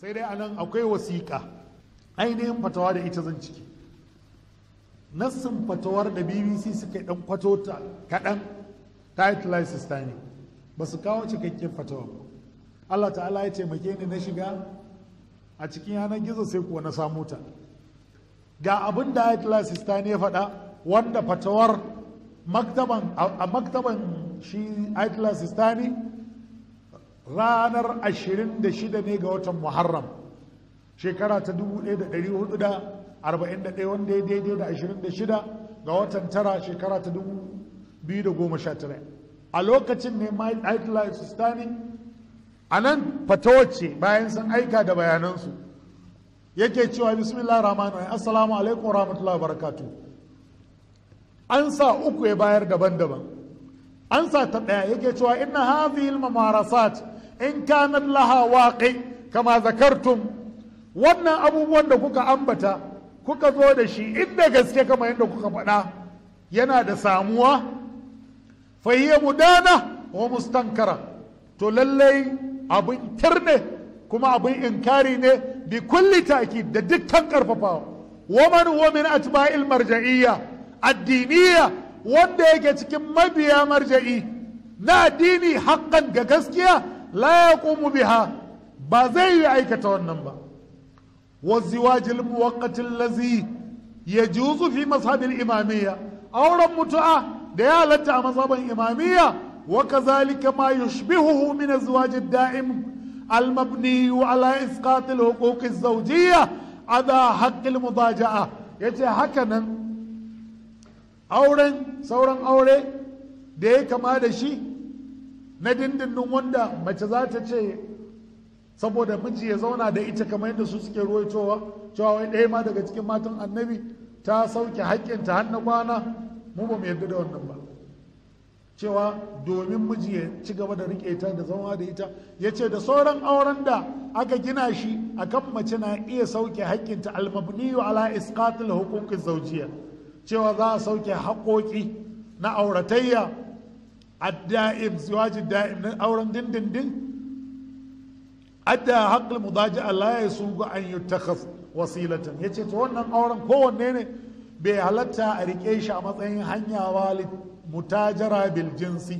sai dai anan akwai wasiƙa ainihin fatawa da ita zan ciki nassin fatawar da bbc suka ɗan kwato ta kaɗan title ne ba su kawo cikakken fatawa ba allah ta'ala ya taimake ni na shiga a cikin yanar gizo sai kuwa na samu ta ga abin da title sistani ya faɗa wanda fatawar maktaban a maktaban shi title ne ranar 26 ne ga watan muharram shekara ta 1441 wanda ya daidai da 26 ga watan tara shekara ta 2019 a lokacin ne Hitler ne. a nan fatawace bayan sun aika da bayanansu yake cewa bismillah rahman rahim assalamu alaikum wa rahmatullahi wa an sa uku ya bayar daban-daban an sa ta ɗaya yake cewa inna hadhihi al-mamarasat in kanan laha waƙi kama zakartum wannan abubuwan da kuka ambata kuka zo da shi inda gaske kama yadda kuka faɗa yana da samuwa fahiyya mudana wa mustankara to lallai abin kir ne kuma abin inkari ne bi kulli ta'kid da dukkan karfafawa wa man huwa min atba'il marja'iyya addiniya wanda yake cikin mabiya marja'i na addini haƙƙan ga gaskiya لا يقوم بها بازي عيكة ونمبا والزواج الموقت الذي يجوز في مصحب الإمامية أو رمتا ديالة مصحب الإمامية وكذلك ما يشبهه من الزواج الدائم المبني على إسقاط الحقوق الزوجية على حق المضاجعة يجي حكنا أورن سورن أوري ديك ما دشي na dindindin wanda mace za ta ce saboda miji ya zauna da ita kamar yadda su suke ruwaitowa cewa wai ɗaya ma daga cikin matan annabi ta sauke haƙƙinta har na kwana mu ba mu yarda da wannan ba cewa domin miji ya ci gaba da riƙe ta da zama da ita ya ce da sauran auren da aka gina shi a kan mace na iya sauke haƙƙinta almabniyu ala isqatil huquqi zaujiya cewa za a sauke haƙoƙi na auratayya الدائم زواج الدائم أورا دن دن دن أدى حق المضاجعة لا يسوق أن يتخذ وسيلة يتي تونا أورا كون نيني بهالتا أريكيش أمطين هنيا والد متاجرة بالجنس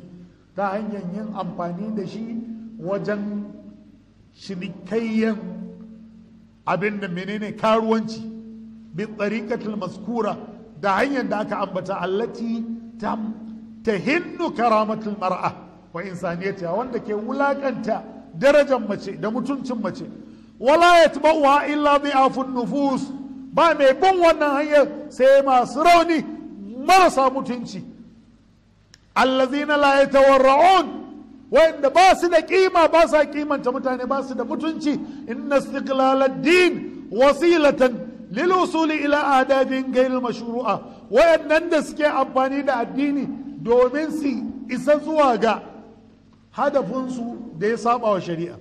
ta hanyar yin amfani da shi wajen shinikayyan abin da menene karuwanci bi tsarikatul maskura da hanyar da aka ambata allati tam tahinnu karamatul mar'a wa insaniyatiha wanda ke wulakanta darajar mace da mutuncin mace wala yatba'uha illa bi'afun nufus ba mai bin wannan hanyar sai masu rauni marasa mutunci allazina la yatawarra'un wanda ba su da kima ba sa kimanta mutane ba su da mutunci inna istiqlalad din wasilatan lil usuli ila adabin gairil mashru'a wayannan da suke amfani da addini domin su isa zuwa ga hadafinsu da ya saba wa shari'a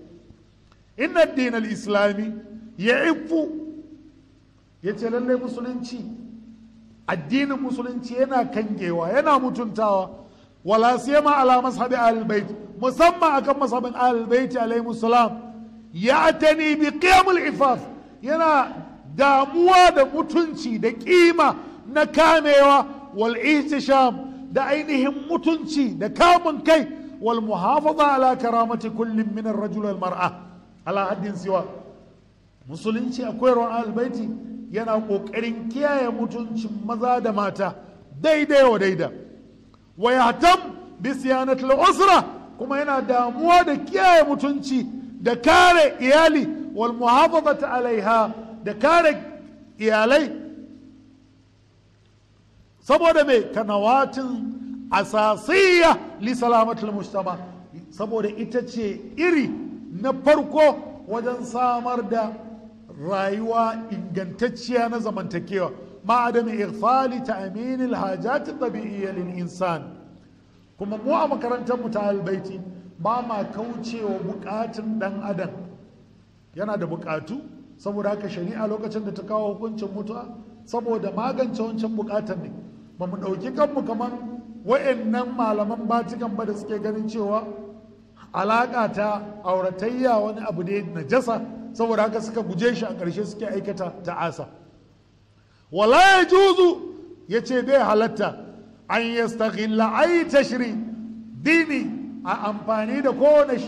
inna dinar islami ya ifu ya ce lallai musulunci addinin musulunci yana kangewa yana mutuntawa wala siyama ala mashabi ahlul musamman akan mashabin ahlul bait alaihi salam ya atani bi qiyamul ifaf yana damuwa da mutunci da kima na kamewa wal ihtisham da ainihin mutunci da kamun kai wal muhafaza ala karamati kullum min ar-rajul wal mar'a ala haddin siwa musulunci a koyarwar albaiti yana kokarin kiyaye mutuncin maza da mata daidai wa daida wa yahtam bi siyanatil usra kuma yana damuwa da kiyaye mutunci da kare iyali wal muhafazati alaiha da kare iyalai saboda mai kanawatin asasiyya li salamatul mujtama saboda ita ce iri na farko wajen samar da rayuwa ingantacciya na zamantakewa ma adami ta ta'min alhajat at-tabi'iyya lil insan kuma mu a makarantar mu ta albaiti ba ma kaucewa bukatun dan adam yana da bukatu saboda haka shari'a lokacin da ta kawo hukuncin mutuwa saboda magance wancan bukatan ne ba mu ɗauki kanmu kamar wa'annan malaman batikan ba da suke ganin cewa alaƙa ta auratayya wani abu ne na jasa saboda haka suka guje shi a ƙarshe suke aikata ta'asa wala ya juzu ya ce bai halatta an yastaghilla tashri dini a amfani da kowane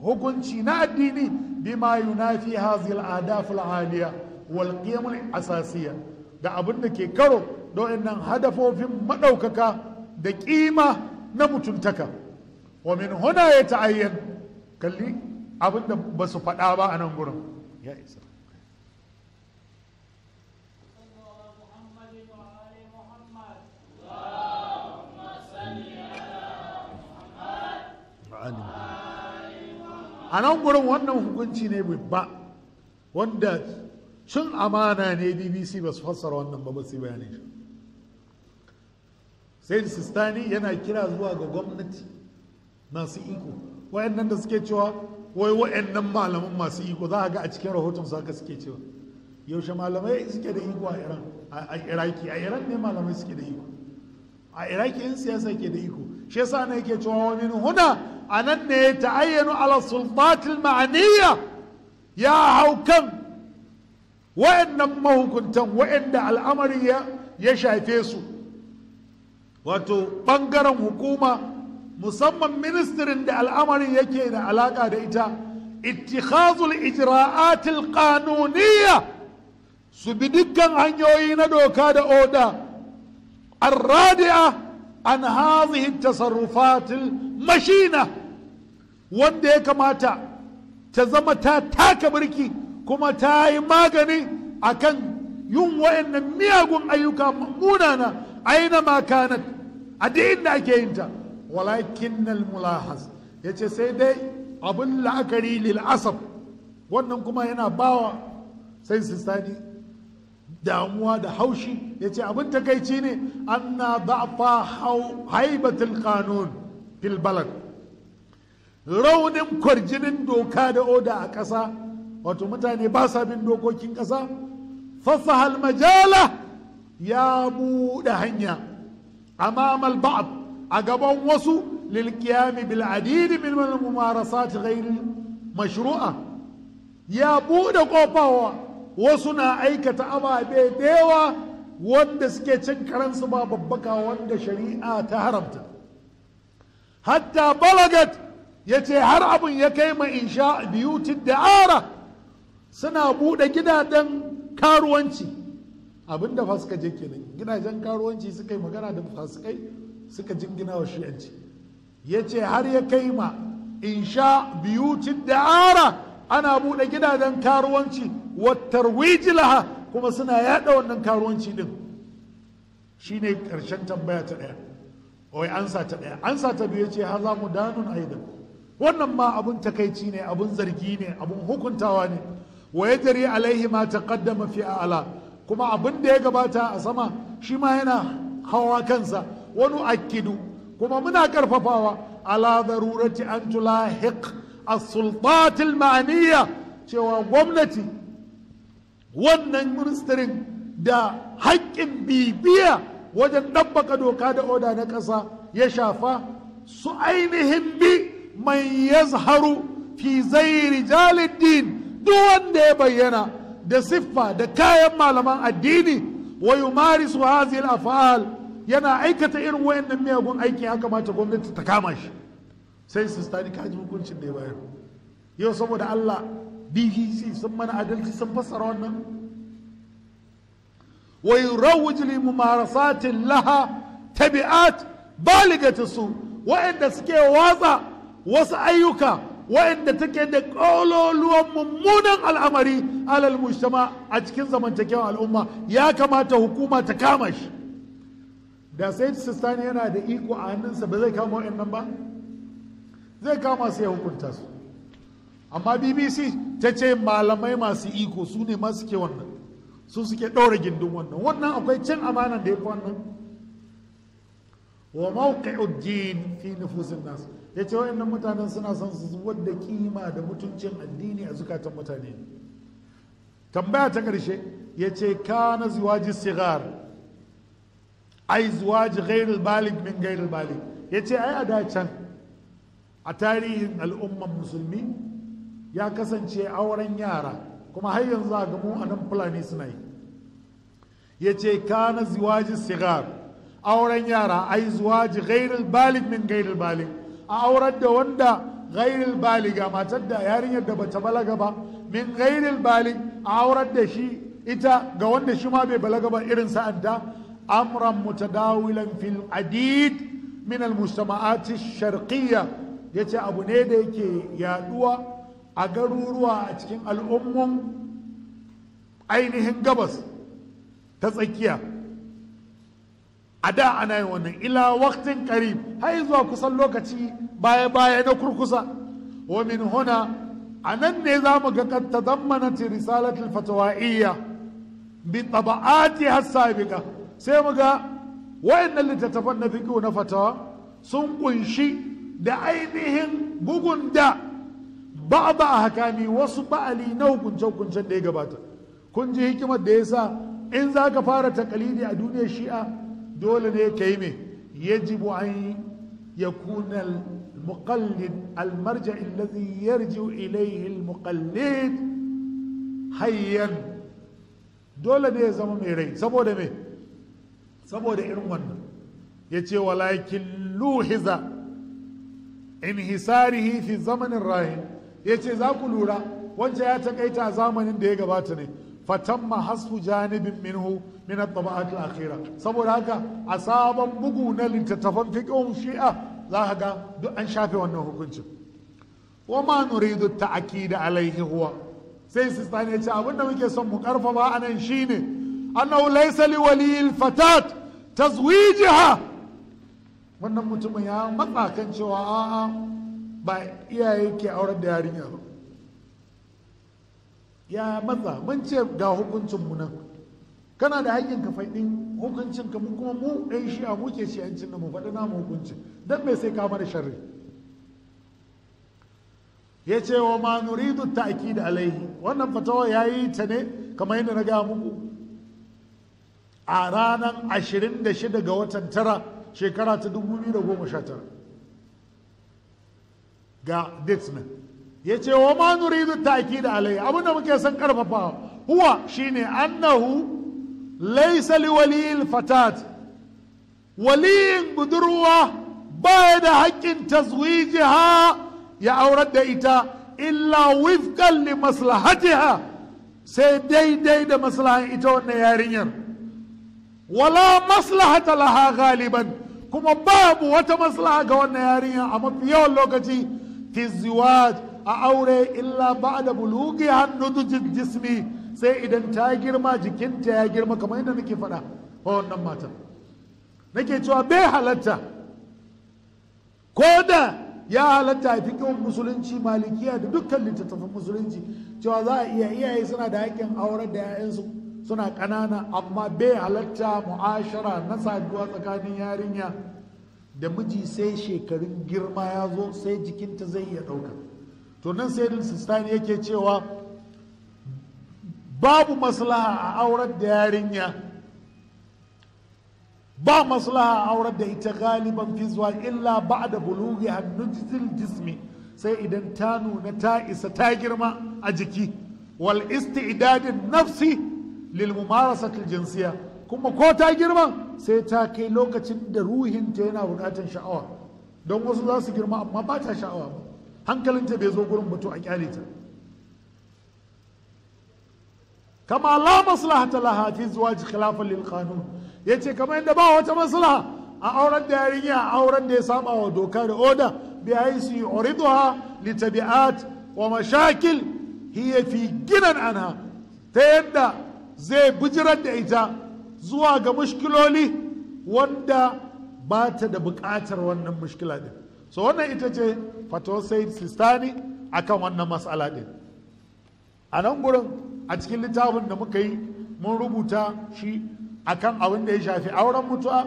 hukunci na addini bima yunafi hazil adaf aliya wal qiyam al asasiya da abin da ke karo do'in nan hadafofin maɗaukaka da ƙima na mutuntaka wa min huna ya ta'ayyan kalli da ba su faɗa ba a nan gurin ya isa a nan gurin wannan hukunci ne ba wanda cin amana ne bbc ba su fassara wannan ba ba su bayanin shi sai sistani yana kira zuwa ga gwamnati masu iko wayannan da suke cewa wai wayannan malaman masu iko za a ga a cikin rahoton su haka suke cewa yaushe malamai suke da iko a iran a iraki a iran ne malamai suke da iko a iraki in siyasa ke da iko shi yasa ne yake cewa wa min huna anan ne ya ta'ayyanu ala sultatil ma'aniya ya haukan wayannan mahukuntan wayanda al'amari ya shafe su wato ɓangaren hukuma musamman ministirin da al'amarin yake da alaƙa da ita ittikhazul ijra'atil qanuniyya su bi dukkan hanyoyi na doka da oda arradi'a an hazihi tasarrufatil mashina wanda ya kamata ta zama ta taka birki kuma ta yi magani akan yin wa'annan miyagun ayyuka munana aina ma kanat a da ake yin ta walakin mulahaz ya ce sai dai abin la'akari lil'asaf, wannan kuma yana bawa sai sistani damuwa da haushi ya ce abin takaici ne anna da'fa haibatul kanun filbalan. raunin kwarjinin doka da oda a ƙasa wato mutane ba sa bin dokokin ƙasa fasahal majala ya buɗe hanya امام البعض اقبون وسو للقيام بالعديد من الممارسات غير ya يا بود wasu na aikata ابا بيديوا wanda suke cin karansu ba babbaka wanda shari'a ta haramta hatta balagat ya ce har abin ya kai ma insha biyutin ara suna buɗe gidajen karuwanci abin da suka je kenan gidajen karuwanci suka yi magana da fasikai suka jingina wa shi'anci ya ce har ya kai ma in sha biyutin da'ara ana buɗe gidajen karuwanci wattar wijilaha kuma suna yaɗa wannan karuwanci ɗin ne ƙarshen tambaya ta ɗaya wai ansa ta ɗaya ansa ta biyu Ya ce har za mu danun aidan wannan ma abin takaici ne abin zargi ne abin hukuntawa ne wa jari alaihi ma taqaddama fi a'la kuma abin da ya gabata a sama shi ma yana hawa kansa wani akidu kuma muna karfafawa ala darurati an tulahiq as-sultat maaniya cewa gwamnati wannan ministirin da haƙƙin bibiya wajen ɗabbaka doka da oda na ƙasa ya shafa su ainihin bi mai yazharu fi zai rijalin din duk wanda ya bayyana da siffa da kayan malaman addini wa yumarisu hazil af'al yana aikata irin wayannan miyagun aiki ya kamata gwamnati ta kama shi sai su stani kaji hukuncin da ya bayar yau saboda Allah BBC sun mana adalci sun fassara wannan wa yurawwij li mumarasatin laha tabi'at baligata su wayanda suke watsa wasu ayyuka wa'inda take da ƙololuwan mummunan al'amari alal mujtama a cikin zamantakewa al'umma ya kamata hukuma ta kama shi da sai sistani yana da iko a hannunsa ba zai kama wa'annan ba zai kama su ya hukunta su amma bbc ta ce malamai masu iko su ne masu ke wannan su suke ɗaura gindin wannan wannan akwai cin amanan da ya fi wannan wa mawqi'ud din fi nufusin nasu ya ce wa'annan mutanen suna son su zubar da kima da mutuncin addini a zukatan mutane tambaya ta ƙarshe ya ce kana zuwaji sigar ai zuwaji gairul balik min gairul balik ya ce ai a dacen a tarihin al'umman musulmi ya kasance auren yara kuma har yanzu a gamu a nan fulani suna yi ya ce kana zuwaji sigar auren yara ai zuwaji gairul balik min gairul balik a aurar da wanda ghairil baliga matar da yarinyar da bata balaga ba min ghairil balig a aurar da shi ita ga wanda shi ma bai balaga ba irin sa'adda. amran mutadawilan fil adid min al mujtama'ati sharqiyya yace abu ne da yake yaduwa a garuruwa a cikin al'ummun ainihin gabas ta tsakiya a da ana yin wannan ila waqtin karib har zuwa kusan lokaci baya baya na kurkusa wa min huna anan ne za mu ga kad tadammanat risalat al fatawaiya bi taba'atiha sabiqa sai mu ga wayannan littattafan na fiqh na fatawa sun kunshi da ainihin bugun da ba ba a hakami wasu ba'ali na hukunce-hukuncen da ya gabata kun ji hikimar da ya sa in za ka fara takalidi a duniyar shi'a dole ne ka yi mai yajibu an yakuna المقلد المرجع الذي يرجع إليه المقلد حيا دولة دي زما مي ري saboda me saboda irin wannan yace walakin luhiza inhisarihi fi zamanin rahin yace za ku lura wanda ya taƙaita zamanin da ya gabata ne فتم حصف جانب منه من الطبقات الأخيرة صبر هذا أصابا بقونا لتتفن في كوم شيئا لا هذا أن شافي وأنه كنت وما نريد التأكيد عليه هو سيسي ستاني يتعى وانا ويكي سمك أرفا ما أنا نشيني أنه ليس لولي الفتاة تزويجها وانا متميا مطلع كنت وآآ بأي ايكي أورد دارين يا رب ya matsa mun ce ga hukuncin mu nan kana da hakkin ka faɗin hukuncin ka kuma mu ɗan shi shi'a muke shi cin mu faɗi namu hukuncin dan me sai ka mana sharri ya ce wa ma nuridu ta'kid alaihi wannan fatawa yayi ta ne kamar yadda na ga muku a ranar 26 ga watan tara shekara ta 2019 ga date ya ce wa ma nuridu da alai abin muke son karfafa huwa shine annahu laisali liwaliyil fatat waliyin budurwa baya da haƙƙin tazwijiha ya aurar da ita illa wifqan li maslahatiha sai daidai da maslahan ita wannan yarinyar wala maslahata laha galiban kuma babu wata maslaha ga wannan yarinyar a mafi yawan lokaci fi a aure illa ba da bulugi hannudujin jismi sai idan ta girma jikinta ya girma kamar yadda nake faɗa wa wannan matan nake cewa bai halatta ko da ya halatta a fikin musulunci malikiya da dukkan littattafan musulunci cewa za a iya iyaye suna da haƙƙin aurar da 'ya'yansu suna ƙanana amma bai halatta mu'ashara na saduwa tsakanin yarinya da miji sai shekarun girma ya zo sai jikinta zai iya ɗauka to nan sayyidul sistani yake cewa babu maslaha a aurar da yarinya ba maslaha a aurar da ita galiban fizwa illa ba da bulugi a jismi sai idan ta nuna ta isa ta girma a jiki wal istidadin nafsi lil jinsiya kuma ko ta girma sai ta kai lokacin da ruhinta yana bukatan sha'awa don wasu za su girma amma ba ta sha'awa ba hankalinta bai zo gurin mutu a kyale ta kama la maslahata laha fi ji khilafan lil qanun yace kamar yadda ba wata maslaha a auren da yarinya a auren da ya saba wa doka da oda bi haisi uriduha li tabi'at wa mashakil hiya fi ginan anha ta yadda zai bijirar da ita zuwa ga mushkiloli wanda ba ta da bukatar wannan mushkila din so wannan ita ce fatawar sistani akan wannan matsala din a nan gurin a cikin littafin da muka yi mun rubuta shi akan abin da ya shafi auren mutuwa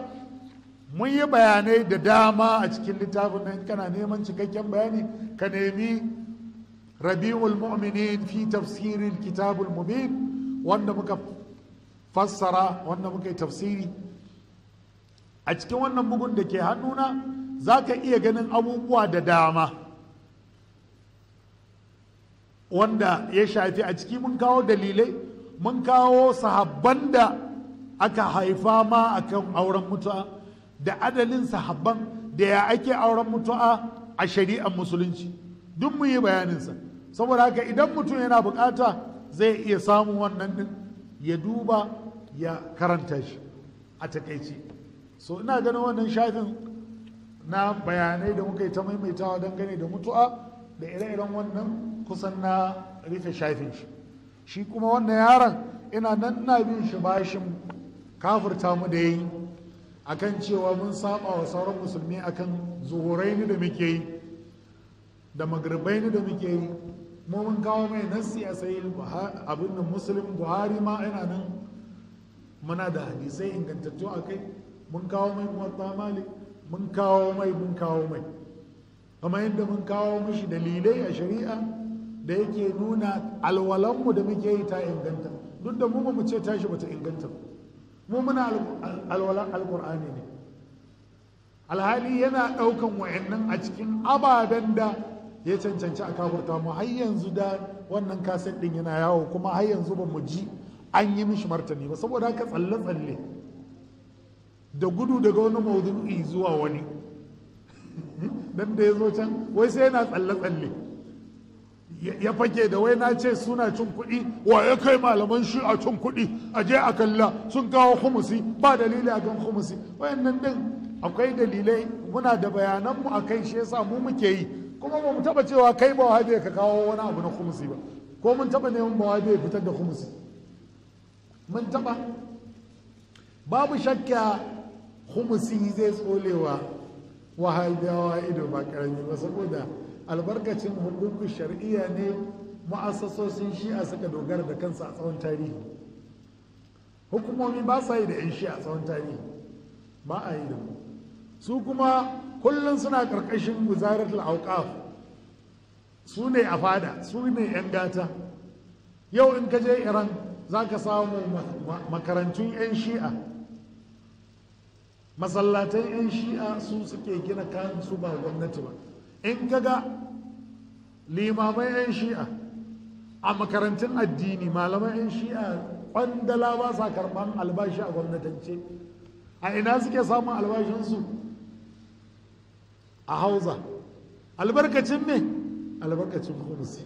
mun yi bayanai da dama a cikin littafin nan kana neman cikakken bayani ka nemi rabi'ul mu'minin fi tafsirin kitabul mubin wanda muka fassara wanda muka yi tafsiri a cikin wannan bugun da ke hannuna za ka iya ganin abubuwa da dama wanda ya shafi a ciki mun kawo dalilai mun kawo sahabban da aka haifa ma akan auren mutu'a da adalin sahabban da ya ake auren mutu'a a shari'ar musulunci duk mu yi bayaninsa saboda haka idan mutum yana bukata zai iya samun wannan din ya duba ya karanta shi a takaici so ina ganin wannan shafin na bayanai da muka yi ta maimaitawa dangane da mutuwa da ire-iren wannan kusan na rufe shafin shi shi kuma wannan yaron ina nan na bin shi bashin kafirta mu da yi kan cewa mun saba wa sauran musulmi akan ni da muke yi da ni da muke yi mu mun kawo mai nasi a sayi abin da musulun buhari ma ina nan muna da hadisai ingantattu a kai mun kawo mai muwatta malik mun kawo mai mun kawo mai kama yadda mun kawo mishi dalilai a shari'a da yake nuna alwalanmu da muke yi ta inganta duk da mu mu ce tashi bata inganta mu muna alwalan alkur'ani ne alhali yana ɗaukan wa'annan a cikin ababen da ya cancanci a kafurta mu har yanzu da wannan kaset ɗin yana yawo kuma har yanzu ba mu ji an yi mishi martani ba saboda haka tsalle-tsalle da gudu daga wani maudu'i zuwa wani dan da ya zo can wai sai yana tsalle-tsalle ya fake da wai na ce suna cin kuɗi wa ya kai malaman shi a cin kuɗi a je a kalla sun kawo kumusi ba dalili akan kumusi wayannan din akwai dalilai muna da bayananmu a kai shi yasa mu muke yi kuma ba mu taba cewa kai ba wahabe ka kawo wani abu na kumusi ba ko mun taba neman ba wahabe fitar da kumusi mun taba babu shakka humusi zai tsolewa wahabiyawa ido ba karami ba saboda albarkacin hukuku shari'a ne ma'asasosin shi'a suka dogara da kansa a tsawon tarihi hukumomi ba sa yi da 'yan shi'a a tsawon tarihi ba a yi da mu su kuma kullum suna karkashin guzarar al'auƙaf su ne a fada su ne 'yan gata yau in ka je iran za ka samu makarantun 'yan shi'a masallatan 'yan shi'a su suke gina kayan ba gwamnati ba in kaga limamai 'yan shi'a a makarantun addini malaman 'yan shi'a kwandala ba sa karban albashi a gwamnatance a ina suke samun albashinsu a hauza albarkacin ne albarkacin kumsi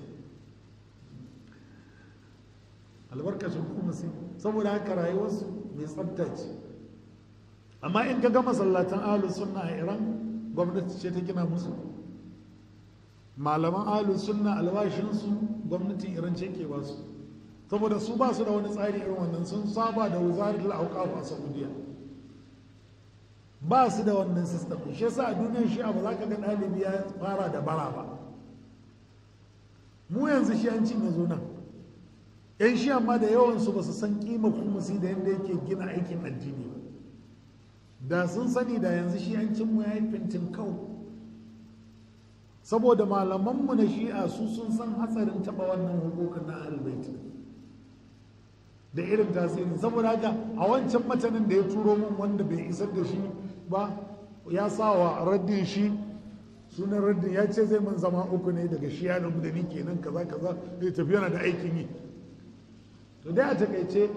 albarkacin kumsi saboda haka rayuwarsu mai tsabtace amma in ka ga masallatan ahlus sunna a iran gwamnati ce ta gina musu malaman ahlus sunna alwashinsu gwamnatin iran ce ke basu saboda su ba su da wani tsari irin wannan sun saba da wuzarin auqaf a saudiya ba su da wannan system shi yasa a duniyar shi ba za ka ga ɗalibi ya fara da bara ba mu yanzu shi an mai zo nan yan shi amma da yawansu ba su san kima kuma da yadda yake gina aikin addini ba da sun sani da yanzu shi shi'ancinmu ya yi fintin kau saboda malamanmu na shi'a su sun san hatsarin taba wannan hukukan na ahalbaiti da irin tasirin saboda haka a wancan matanin da ya turo min wanda bai isar da shi ba ya sa wa raddin shi sunan raddin ya ce zai min zama uku ne daga shi'a na da ni kenan kaza kaza zai tafi yana da aikin yi to dai a takaice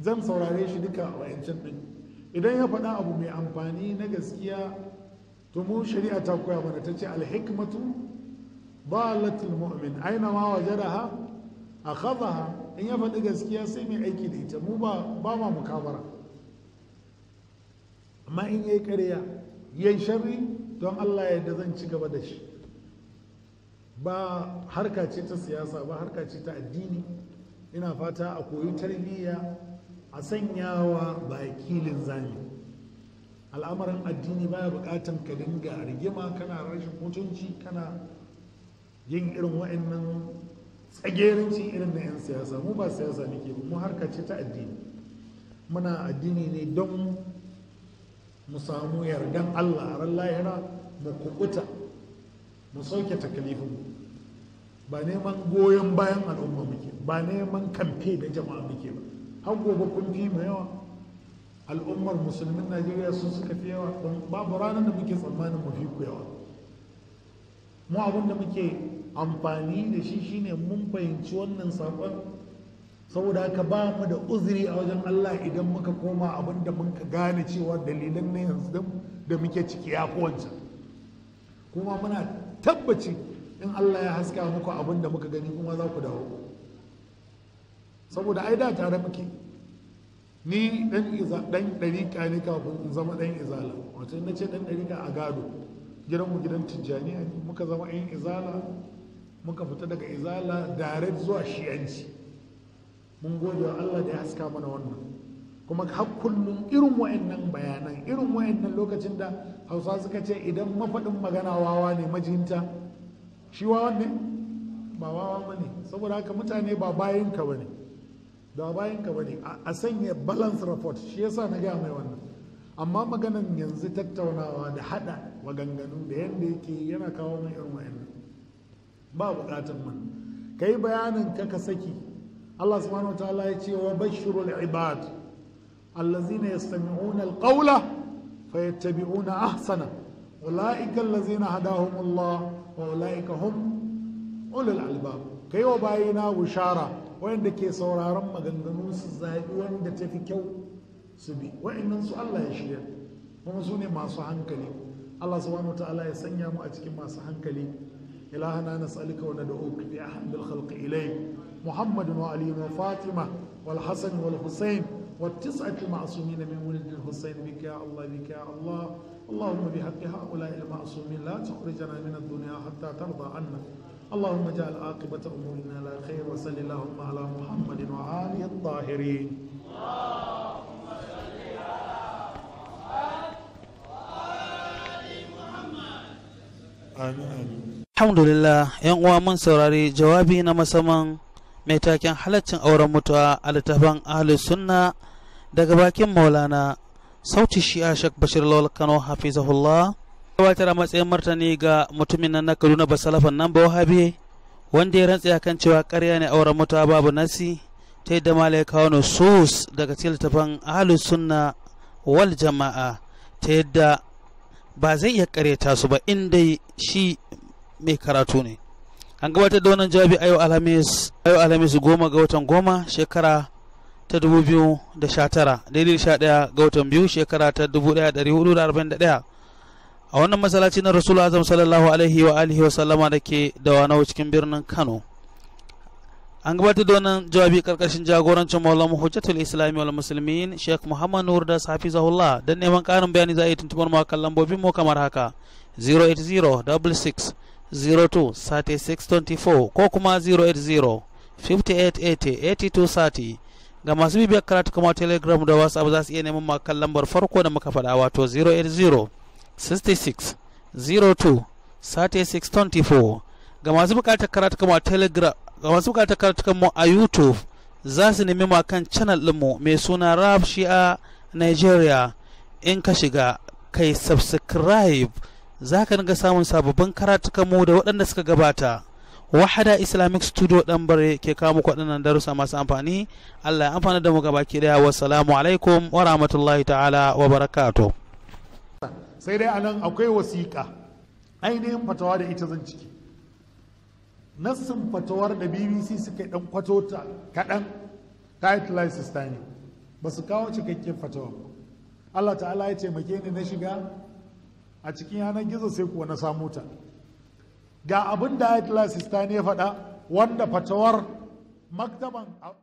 zan saurare shi duka a wayancan ɗin idan ya faɗa abu mai amfani na gaskiya to mu shari'a ta koya mana ta ce alhikmatu Ai mu'min aina ma wajadaha akhadha in ya faɗi gaskiya sai mai aiki da ita mu ba ba ma mukabara amma in yayi ƙarya yayi sharri don Allah ya zan ci gaba da shi ba harka ce ta siyasa ba harka ce ta addini ina fata a koyi tarbiyya a sanyawa baki linzami al'amarin addini baya bukatan ka dinga rigima kana rashin mutunci kana yin irin wa'annan tsagerinci irin na 'yan siyasa mu ba siyasa ba mu harka ta addini muna addini ne don mu samu yardan allah a ran lahira mu kubuta mu sauke takalifin ba neman goyon bayan al'umma muke ba neman kamfe da jama'a muke ba har gobe kun fi mai yawa al'ummar musulmin najeriya sun suka fi yawa don babu ranar da muke tsammanin mu fi ku yawa mu abin da muke amfani da shi shine mun fahimci wannan saƙon saboda haka ba mu da uzuri a wajen allah idan muka koma abin da muka gane cewa dalilan na yanzu da muke ciki ya wancan kuma muna tabbaci in allah ya haska muku abin da muka gani kuma za ku dawo saboda ai da tare muke ni dan iza dan dariƙa ne kafin in zama dan izala wato na ce dan dariƙa a gado gidanmu gidan tijjaniya ne muka zama yan izala muka fita daga izala direct zuwa shi'anci mun gode wa Allah da ya haska mana wannan kuma har kullum irin wayannan bayanan irin wayannan lokacin da hausa suka ce idan mafaɗin magana wawa ne majinta shi wawa ne ba wawa ba ne saboda haka mutane ba bayan ka ba ne da bayan ka bane a sanya balance report shi yasa na gaya mai wannan amma maganan yanzu tattaunawa da hada maganganu da yadda yake yana kawo mai irin wa'annan ba bukatan man ka yi bayanin ka ka saki Allah subhanahu wa ta'ala ya ce wa bashirul ibad allazina yastami'una alqawla fayattabi'una ahsana ulaika allazina hadahumullah wa ulaika hum ulul albab kai wa bayina bushara wanda ke sauraron maganganu su zaɓi wanda ta fi kyau su bi wa'annan su Allah ya shirya kuma su ne masu hankali Allah subhanahu wa ta'ala ya sanya mu a cikin masu hankali ilahana nas'aluka wa nad'uka bi ahmil khalqi ilayk محمد وعلي وفاطمة والحسن والحسين والتسعة معصومين من ولد الحسين بك يا الله بك يا الله اللهم بحق هؤلاء المعصومين لا تخرجنا من الدنيا حتى ترضى عنك اللهم اجعل عاقبة أمورنا على خير وصل اللهم على محمد وآله الطاهرين اللهم صل على محمد وآل محمد alhamdulillah yan uwa mun saurari jawabi na musamman mai taken halaccin auren mutuwa a littafin ahlus sunna daga bakin maulana sauti shi a shak bashir lawal kano hafizahullah gabatar a matsayin martani ga mutumin nan na kaduna basalafan nan wahabi wanda ya rantsa kan cewa karya ne auren mutuwa babu nasi ta yadda malai kawo nusus daga cikin littafin ahalin sunna wal jama'a ta yadda ba zai iya karyata su ba in dai shi mai karatu ne an gabatar da wannan jawabi a yau alhamis alhamis goma ga watan goma shekara ta dubu biyu da sha tara daidai sha ɗaya ga watan biyu shekara ta dubu ɗaya ɗari hudu da arba'in da ɗaya a wannan masalaci na rasul azam sallallahu alaihi wa alihi wa sallama da ke da dawanau cikin birnin kano an gabatar da wannan jawabi karkashin jagorancin maulama hujjatul islami wal musulmin sheikh muhammad nur da zahullah don neman karin bayani za a yi tuntubar mu akan lambobin mu kamar haka 080 ko kuma 08058880230 ga masu bibiyar karatu kamar telegram da whatsapp za su iya neman makan lambar farko da muka faɗa wato 080 ga masu bukatar karatu a telegram ga masu bukatar karatukanmu a youtube za su nemi mu kan channel dinmu mai suna rap shi'a nigeria in ka shiga kai subscribe za ka dinga samun sababbin karatukanmu da waɗanda suka gabata wahada islamic studio bare ke kawo muku waɗannan darussa masu amfani allah ya amfana da mu gaba ki daya wassalamu alaikum wa rahmatullahi ta'ala wa barakatuh sai dai anan akwai wasiƙa ainihin fatawa da ita zan ciki nassin fatawar da bbc suka yi dan kwato ta kaɗan ta ne ba su kawo cikakken fatawa ba allah ta'ala ya taimake ni na shiga a cikin yanar gizo sai kuwa na samu ta ga abin da ayatollah ne ya faɗa wanda fatawar maktaban